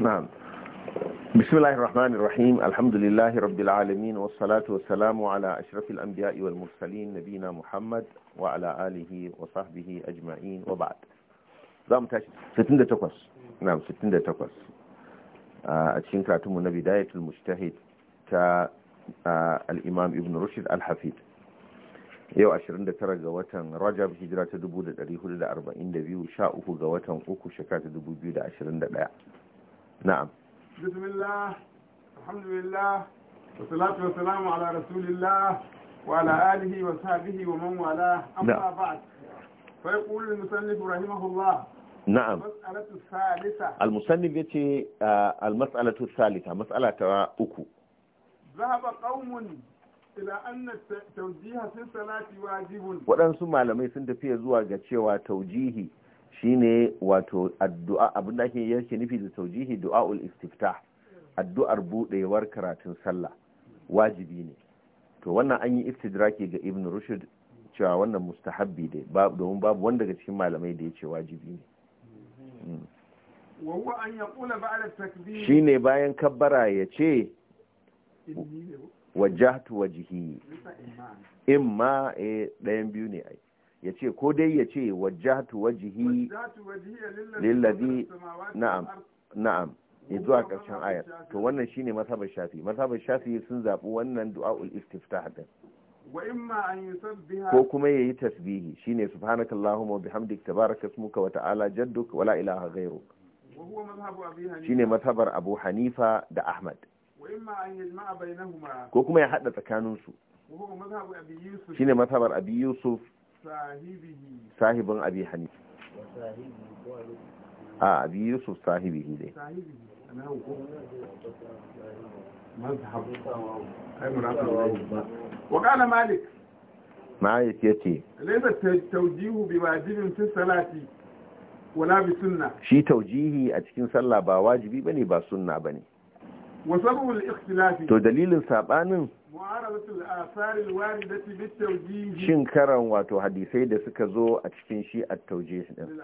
نعم بسم الله الرحمن الرحيم الحمد لله رب العالمين والصلاة والسلام على أشرف الأنبياء والمرسلين نبينا محمد وعلى آله وصحبه أجمعين وبعد زام تاشي 68 نعم 68 آه، أتشين كراتم بداية المجتهد آه، الإمام ابن رشد الحفيد رجع 29 دبودة watan لدى أربعين دا بيو sha قواتا ga watan دبودة أشرين دا بيو na'am bismillah alhamdulillah wasalatu wasalamu ala rasulillah wa ala alihi wa sahbihi wa man wala amma ba'd fa yaqulu al-musannif rahimahullah na'am mas'alatu thalitha al-musannif yace uh, al-mas'alatu thalitha mas'ala ta uku zahaba qaumun waɗansu malamai sun tafiya zuwa ga cewa taujihi shine wato addu'a abin da ake yake nufi da taujihi du'aul istiftah addu'ar buɗewar karatun sallah wajibi ne to wannan an yi istidraki ga ibn rushd cewa wannan mustahabbi ne domin babu wanda daga cikin malamai da ya ce wajibi ne mm. shi ne bayan kabbara ya ce wajahtu wajihi imma eh, ɗayan biyu ne ai ya ce ko dai ya ce wajjatu wajihi lillazi na'am na'am ya zuwa karshen ayar to wannan shine masabar shafi masabar shafi sun zabi wannan du'a'ul istiftah din ko kuma yayi tasbihi shine subhanakallahumma wa bihamdika tabaraka ismuka wa ta'ala jadduk wa la ilaha ghayruk shine masabar abu hanifa da ahmad ko kuma ya hada tsakaninsu shine masabar abi yusuf sahibin abi hanifi a abi yusuf sahibihi dai wakana malik malik ya ce laifar taujihu bi wajibin fi salati wala bi sunna shi taujihi a cikin sallah ba wajibi ne ba suna ba sunna bane wasarul ikhtilafi to dalilin sabanin shin karan wato hadisai da suka zo a cikin shi a tauje din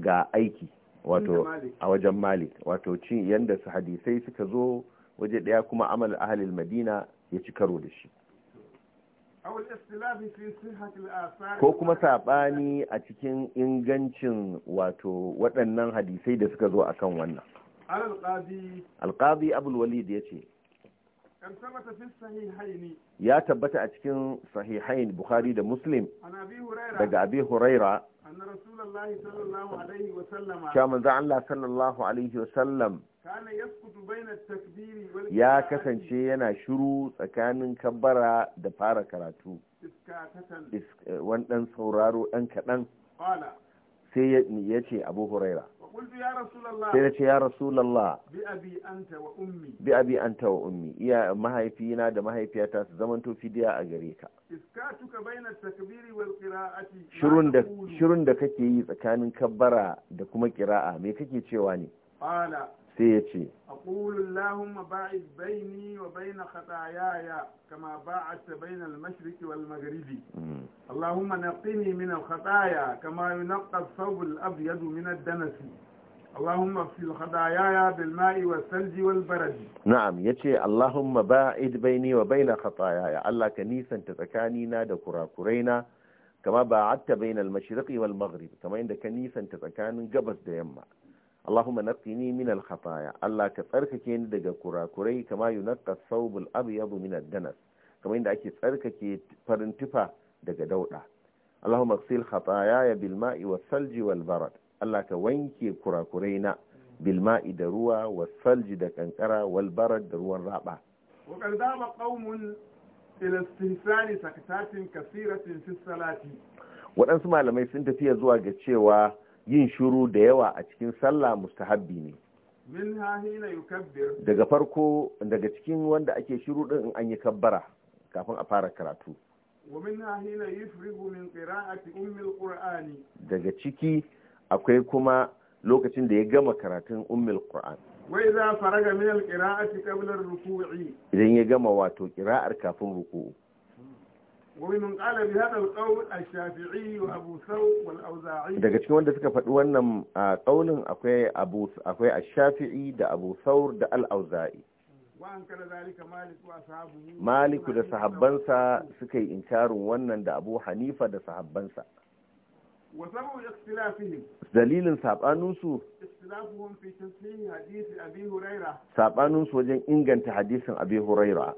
ga aiki wato a wajen malik wato cin yadda su hadisai suka zo waje daya kuma amal ahalil madina ya ci karo da shi ko kuma saɓani a cikin ingancin wato waɗannan hadisai da suka zo akan wannan alƙadi da ya ce ya tabbata a cikin sahihain bukhari da muslim daga abi huraira cewa allah sallallahu alaihi wasallam ya kasance yana shiru tsakanin kabbara da fara karatu eh, wani ɗan sauraro ɗan kaɗan sai ya ce abu huraira sai da ce ya rasulallah bi abi anta wa ummi iya mahaifina da mahaifiyata su zaman fidiya a gare ka shirin da kake yi tsakanin kabbara da kuma kira'a me kake cewa ne سيتي أقول اللهم باعد بيني وبين خطاياي كما باعدت بين المشرق والمغرب اللهم نقني من الخطايا كما ينقى الثوب الأبيض من الدنس اللهم في خطاياي بالماء والثلج والبرد نعم يتي اللهم باعد بيني وبين خطاياي الا كنيسا تتكانينا دكرا كرينا كما باعدت بين المشرق والمغرب كما عند كنيسا تتكاني جبس ديما Allahumma naqqini min al-khataya Allah ka tsarkake ni daga kurakurai kama yunqqa thawbul abyad min ad-danas kamar yadda ake tsarkake farin tufa daga dauda Allahumma ghsil khataya bil ma'i was salji wal barad Allah ka wanke kurakurai na bil ma'i da ruwa was salji da kankara wal barad da ruwan raba wa qad dama qaumun ila istihsani sakatatin kathiratin fi salati waɗansu malamai sun tafiya zuwa ga cewa yin shiru da yawa a cikin sallah mustahabbi ne daga farko daga cikin wanda ake shiru din in an yi kabbara kafin a fara karatu daga ciki akwai kuma lokacin da ya gama karatun ummul qur'an idan ya gama wato qira'ar kafin ruku'u ومن قال بهذا القول الشافعي وابو ثوب والاوزاعي daga cikin wanda suka faɗi wannan kaulin akwai abu akwai ash-shafi'i da abu thawr da al-auza'i maliku da sahabbansa suka yi inkarin wannan da abu hanifa da sahabbansa dalilin saɓaninsu saɓaninsu wajen inganta hadisin abi huraira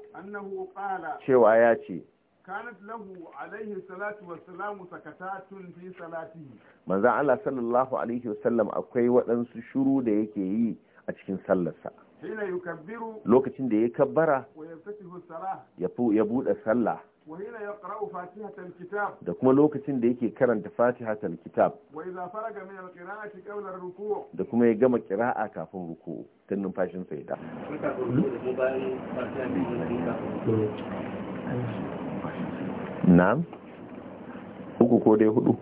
cewa ya ce Bakananlahu alaihi salatu wa salamu, sakata tuni fi salatu. Banzan Allah s.w. Aliyu s. akwai waɗansu shiru da yake yi a cikin sallarsa. Sai na yi Lokacin da ya kabbara. Wa ya saki Ya buɗe sallah. Wai ina ya karɓi Fatiha talakita? Da kuma lokacin da yake karanta Fatiha talakita. Wai za a fara game da alƙiran ake ƙaunar Da kuma ya gama ƙira a kafin bukuku, tannin fashin faida. na'am uku ko dai hudu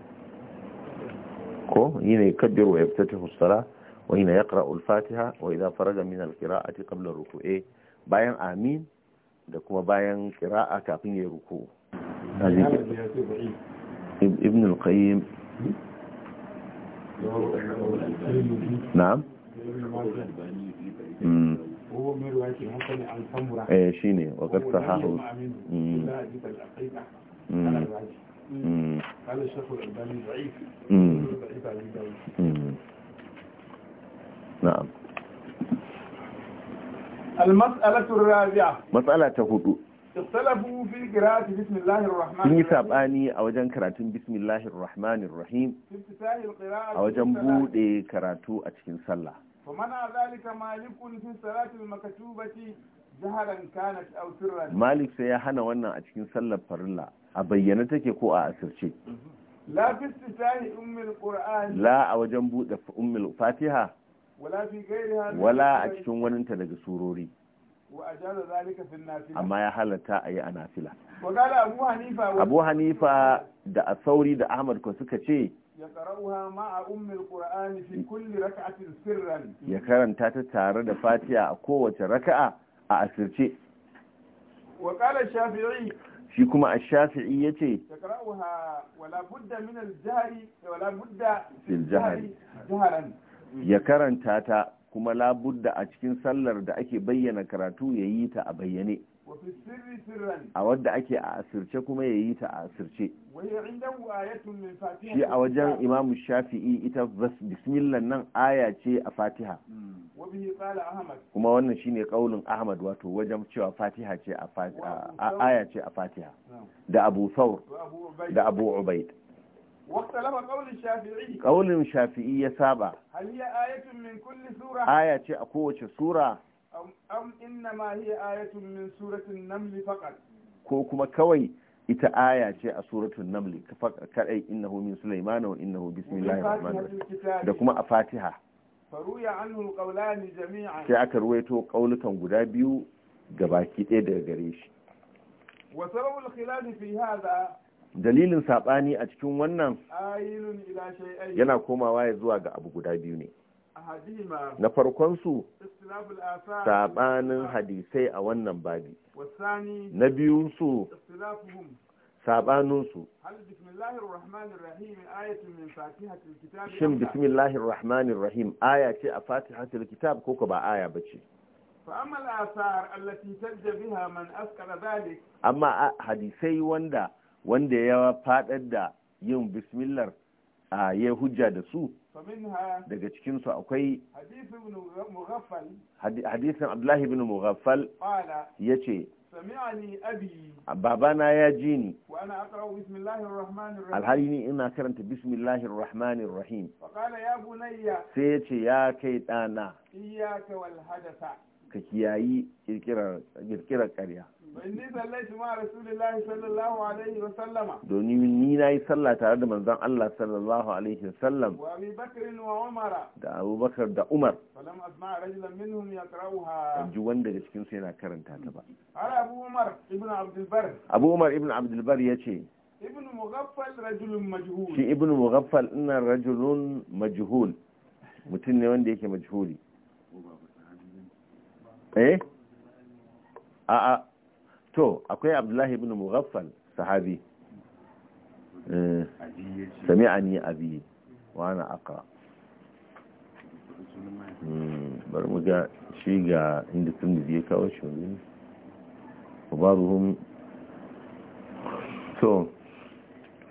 ko yi ne kabbiru wa yaftati hussara wa yi na ya ƙara ulfatiha wa idan faraga min alkira'a ti kablar ruku'e bayan amin da kuma bayan a kafin ya ruku ibn al-qayyim na'am hmm. eh shine wa qad sahahu hmm. Almas'a laturabiya. Matsala ta ta bismillahir rahmanir rahim. yi taɓani a wajen karatun bismillahir rahmanir rahim. A wajen buɗe karatu a cikin sallah. Kuma na zaluka malam ƙungiyar salatu Malik sai ya hana wannan a cikin sallar farin a bayyana take ko a asirce la fi qur'an la a wajen buɗe ummul fatiha wala fi ghairiha wala a cikin ta daga surori amma ya halatta a yi a nafila abu hanifa da a sauri da ahmad ko suka ce ya karanta ta tare da Fatiha a kowace raka'a a asirce shi kuma a shafi'i ya ce ya karanta ta kuma labudda a cikin sallar da ake bayyana karatu ya yi ta a bayyane a wadda ake a asirce kuma ya yi ta a asirce shi a wajen imamu shafi'i ita bismillah nan aya ce a fatiha mm. kuma wannan shine kaulin ahmad wato wajen cewa fatiha ce a aya ce a fatiha da abu saur da abu ubaid kaulin shafi'i ya saba aya ce a kowace sura am inna ma hiya ayatun min suratin naml faqat ko kuma kawai ita aya ce a suratul naml kadai innahu min sulaiman wa innahu bismillahir rahmanir rahim da kuma a fatiha faruya anhu alqawlan jami'an sai aka ruwaito kaulukan guda biyu gabaki ɗaya daga gare shi wa sababul khilal fi hadha dalilin sabani a cikin wannan yana komawa ya zuwa ga abu guda biyu ne na farkon su sabanin hadisai a wannan babi na biyun su su. shin bismillahir rahmanir rahim aya ce a fatihatul kitab ko ba aya bace amma hadisai wanda wanda ya fadar da yin bismillah a ya hujja da su daga cikinsu akwai hadisin abdullahi bin mughaffal ya ce babana ya ji ni alhali ni ina karanta bismillahir rahmanir rahim sai ya ce ya kai ɗana ka kiyayi kirkirar ƙarya domin ni na yi sallah tare da manzon Allah sallallahu alaihi Umar? da abubakar da umar ban ji wanda daga yana karanta ta ba abu umar ibn abdulbar ya ce shi ibn mughaffal ina rajulun majhul mutum ne wanda yake majhuli eh a'a to akwai abdullahi ibn mughaffal sahabi sami'ani abi wa ana aqra bari mu ga shi ga inda tirmidhi ya kawo shi wani وبعضهم to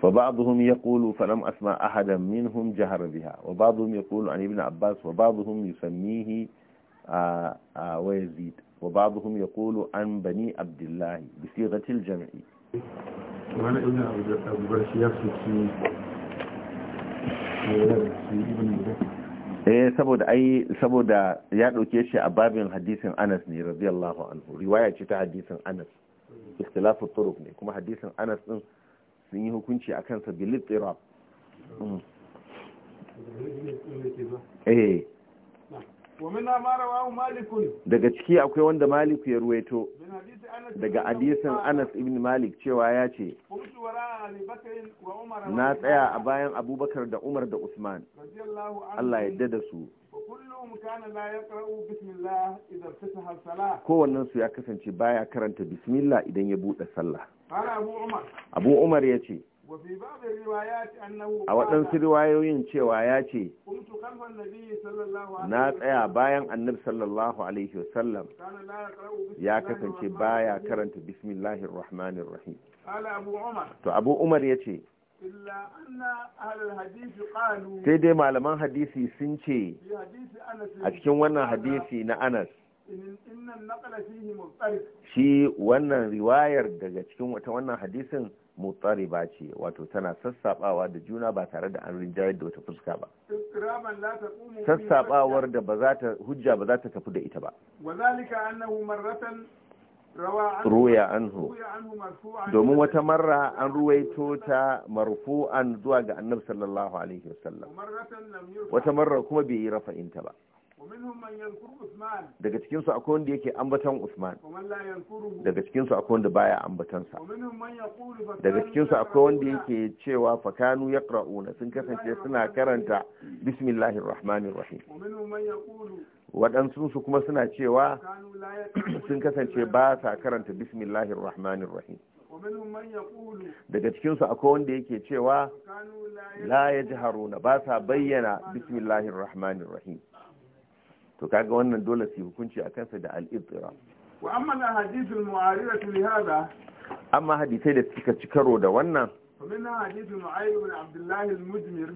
فبعضهم يقول فلم أسمع أحدا منهم جهر بها وبعضهم يقول عن ابن عباس وبعضهم يسميه آآ آآ ويزيد wa babuhum yaqulu an bani abdullah bi sighati al-jam'i wala ibn abu bakr shi yafsiki eh saboda ai saboda ya ɗauke shi a babin hadisin Anas ne radiyallahu anhu riwaya ce ta hadisin Anas ikhtilafu ne kuma hadisin Anas din sun yi hukunci akan sa bil eh daga ciki akwai wanda malik ya ruwaito daga hadisin anas ibn malik cewa ya ce na tsaya a bayan abubakar da umar da usman allah ya da su kowannen su ya kasance baya karanta bismillah idan ya buɗe sallah abu umar ya ce a waɗansu riwayoyin cewa ya ce na tsaya bayan annabi sallallahu alaihi wasallam ya kasance baya karanta bismillahir rahmanir rahim to abu umar ya ce sai dai malaman hadisi sun ce a cikin wannan hadisi na anas shi wannan riwayar daga cikin wata wannan hadisin mutsari ba ce wato tana sassabawa da juna ba tare da an rinjayar da wata fuska ba sassabawar da ba za ta hujja ba za ta tafi da ita ba ruya anhu domin wata marra an ruwaito ta marfu'an zuwa ga annabi sallallahu alaihi wasallam wata marra kuma bai yi rafa'inta ba daga cikinsu akwai wanda yake ambatan Usman daga cikinsu akwai wanda baya ambatansa daga cikinsu akwai wanda yake cewa fakanu ya sun kasance suna karanta bismillahir rahmanir rahim Waɗansunsu su kuma suna cewa sun kasance ba sa karanta bismillahir rahmanir rahim daga cikinsu akwai wanda yake cewa la ya ji haruna ba sa bayyana bismillahir rahmanir rahim to kaga wannan dole su hukunci a kansa da al'ibtira wa amma na ahadith al-mu'arirah li hadha amma hadisai da suka ci karo da wannan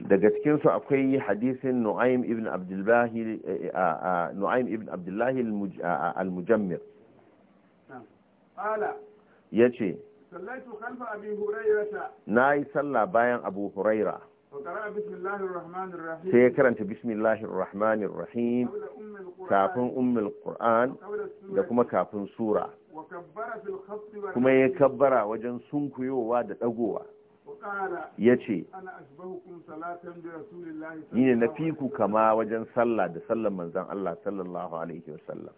daga cikinsu akwai hadisin nu'aym ibn abdullahi eh, eh, nu'aym ibn al-mujammir ya ce na yi sallah bayan abu huraira sai ya karanta bismillahir rahmanir rahim kafin ummul qur'an da kuma kafin sura kuma ya kabbara wajen sunkuyowa da dagowa ya ce ni ne na fi ku kama wajen sallah da sallan manzan Allah sallallahu alaihi wasallam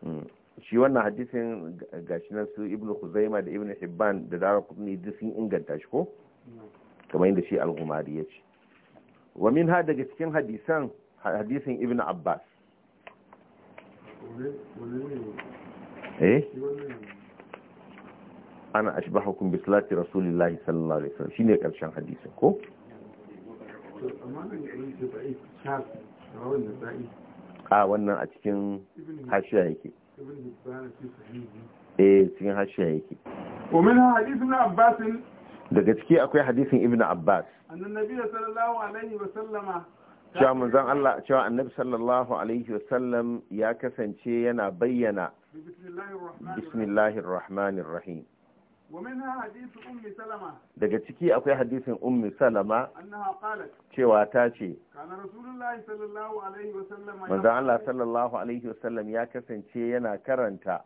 hmm. shi wannan hadisin gashi nan su ibn khuzaima da ibn hibban da dara kudin duk sun inganta shi ko kamar yadda shi al-gumari ya ce wa min ha daga cikin hadisan hadisin ibn abbas eh ana ashbahukum bi salati rasulillah sallallahu alaihi wasallam shine karshen hadisin ko a wannan a cikin hashiya yake eh cikin hashiya yake ومنها حديث ابن عباس daga ciki akwai hadisin ibn abbas cewa manzon Allah cewa annabi sallallahu alaihi wasallam ya kasance yana bayyana bismillahir rahmanir rahim daga ciki akwai hadisin ummi salama cewa ta ce manzan Allah sallallahu alaihi wasallam ya kasance yana karanta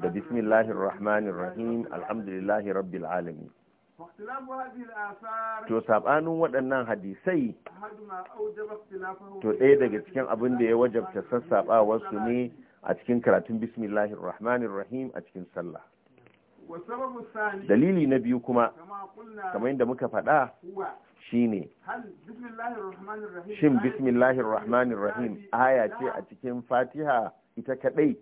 da bismillahir rahmanir rahim alhamdulillahi rabbil alamin To saɓanin waɗannan hadisai, to ɗaya daga cikin abin da ya wajabta sassaɓawarsu ne a cikin karatun bismillahir rahmanir rahim a cikin sallah. Dalili na biyu kuma, kamar yadda muka faɗa shi ne, shin bismillahir rahmanir rahim aya ce a cikin fatiha ita kadai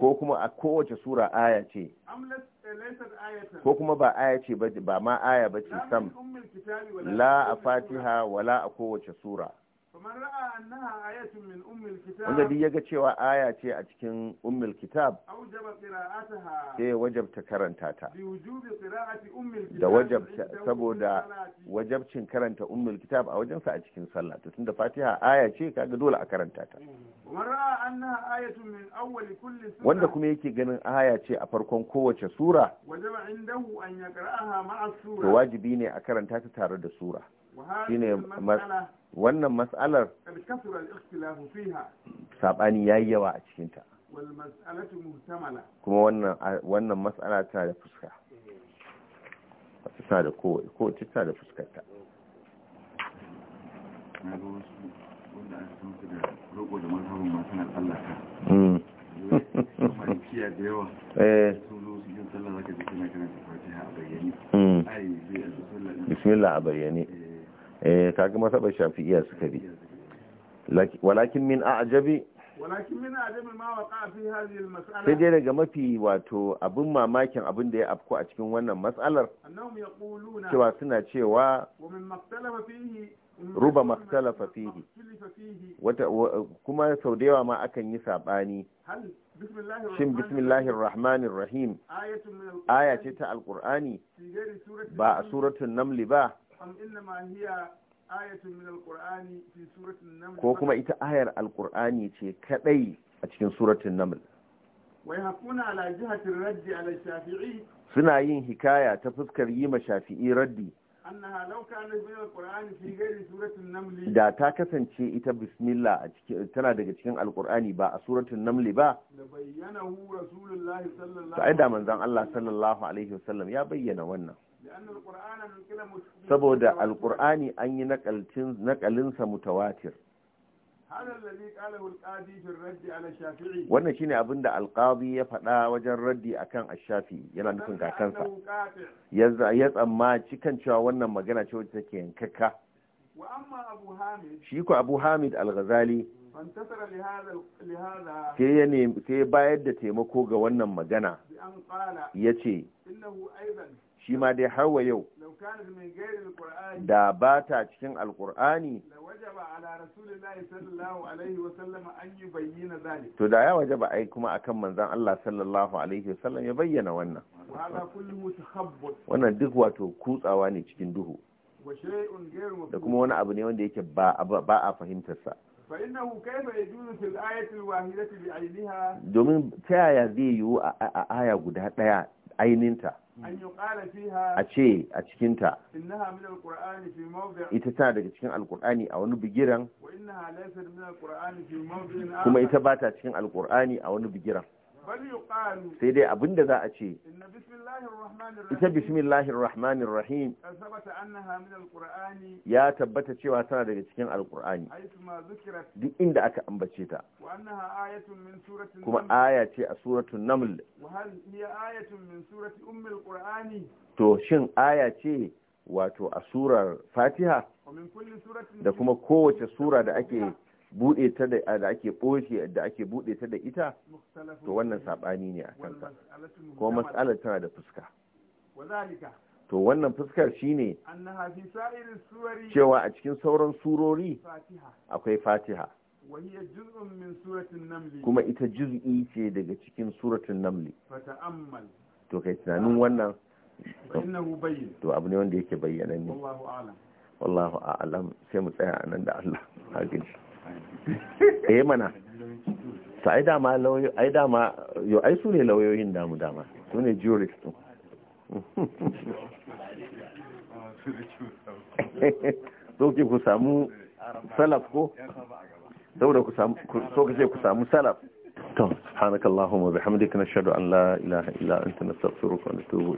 ko kuma a kowace sura aya ce eh, ko kuma ba aya ce ba ma aya ba ce sam la a fatiha wala a kowace sura wanda duk ya ga cewa aya ce a cikin ummul kitab sai wajabta karanta ta da wajabta saboda wajabcin karanta ummul kitab a wajensa a cikin sallah to tunda fatiha aya ce kaga dole a karanta ta wanda kuma yake ganin aya ce a farkon kowace sura to wajibi ne a karanta ta tare da sura shine wannan mas'alar sabani yi yawa a cikin ta kuma wannan mas'ala ta da fuska ta da ko ko ta hmm. da fuskar eh. ta hmm. bismillah a bayyane eh. eh kaga masaba shafi'iyya suka bi walakin min a'jabi walakin min a'jabi ma waqa fi hadhihi al-mas'ala sai dai daga mafi wato abin mamakin abin da ya afko a cikin wannan mas'alar annahum yaquluna cewa suna cewa wa min maktalafa fihi ruba maktalafa fihi wata kuma sau da yawa ma akan yi sabani shin bismillahir rahmanir rahim aya ce ta alqur'ani ba a suratul naml ba ko kuma ita ayar alqur'ani ce kadai a cikin suratul naml suna yin hikaya ta fuskar yi ma shafi'i raddi da ta kasance ita bismillah a cikin tana daga cikin alkur'ani ba a suratul namli ba ta aida manzon Allah sallallahu alaihi wasallam ya bayyana wannan saboda alkur'ani an yi nakalinsa mutawatir wannan shine abin da alqadi ya faɗa wajen raddi akan ashafi yana nufin kakansa ya tsamma cikan cewa wannan magana ce wacce take yankakka shi ko abu hamid al-ghazali sai ya bayar da taimako ga wannan magana ya ce shi ma dai har wa yau da ba ta cikin alkur'ani to da ya waje ba ai kuma akan manzan Allah sallallahu alaihi wasallam ya bayyana wannan wannan duk wato kutsawa ne cikin duhu da kuma wani abu ne wanda yake ba a fahimtarsa domin ta yaya zai yiwu a aya guda ɗaya ta? a ce a cikinta ita tana daga cikin alkur'ani a wani bigiran kuma ita ba ta cikin alkur'ani a wani bigiran sai dai abin da za a ce ita bismillahir rahmanir rahim ya tabbata cewa tana daga cikin alkur'ani duk inda aka ambace ta kuma aya ce a suratul naml to shin aya ce wato a surar fatiha da kuma kowace sura da ake bude ta da ake ɓoce da ake bude ta da ita to wannan saɓani ne a kanta ko mas'alar tana da fuska to wannan fuskar shine cewa a cikin sauran surori akwai fatiha kuma ita juz'i ce daga cikin suratun namli to kai tunanin wannan to abu ne wanda yake bayyana ne wallahu a'lam sai mu tsaya nan da Allah hagin eh mana sa ai dama lauyo ai dama yo ai su ne lauyoyin damu dama su ne jurist to ki ku samu salaf ko saboda ku samu so kace ku samu salaf to subhanakallahumma bihamdika nashhadu an la ilaha illa anta nastaghfiruka wa natubu